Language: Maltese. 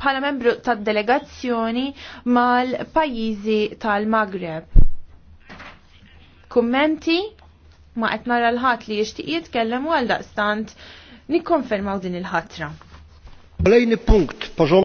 bħala membru tad-delegazzjoni mal-pajjiżi tal-Maghreb. Kummenti ma qed nara l-ħadd li jixtieq jitkellem għal daqstant nikkonfermaw din il-ħatra. Kolejny punkt,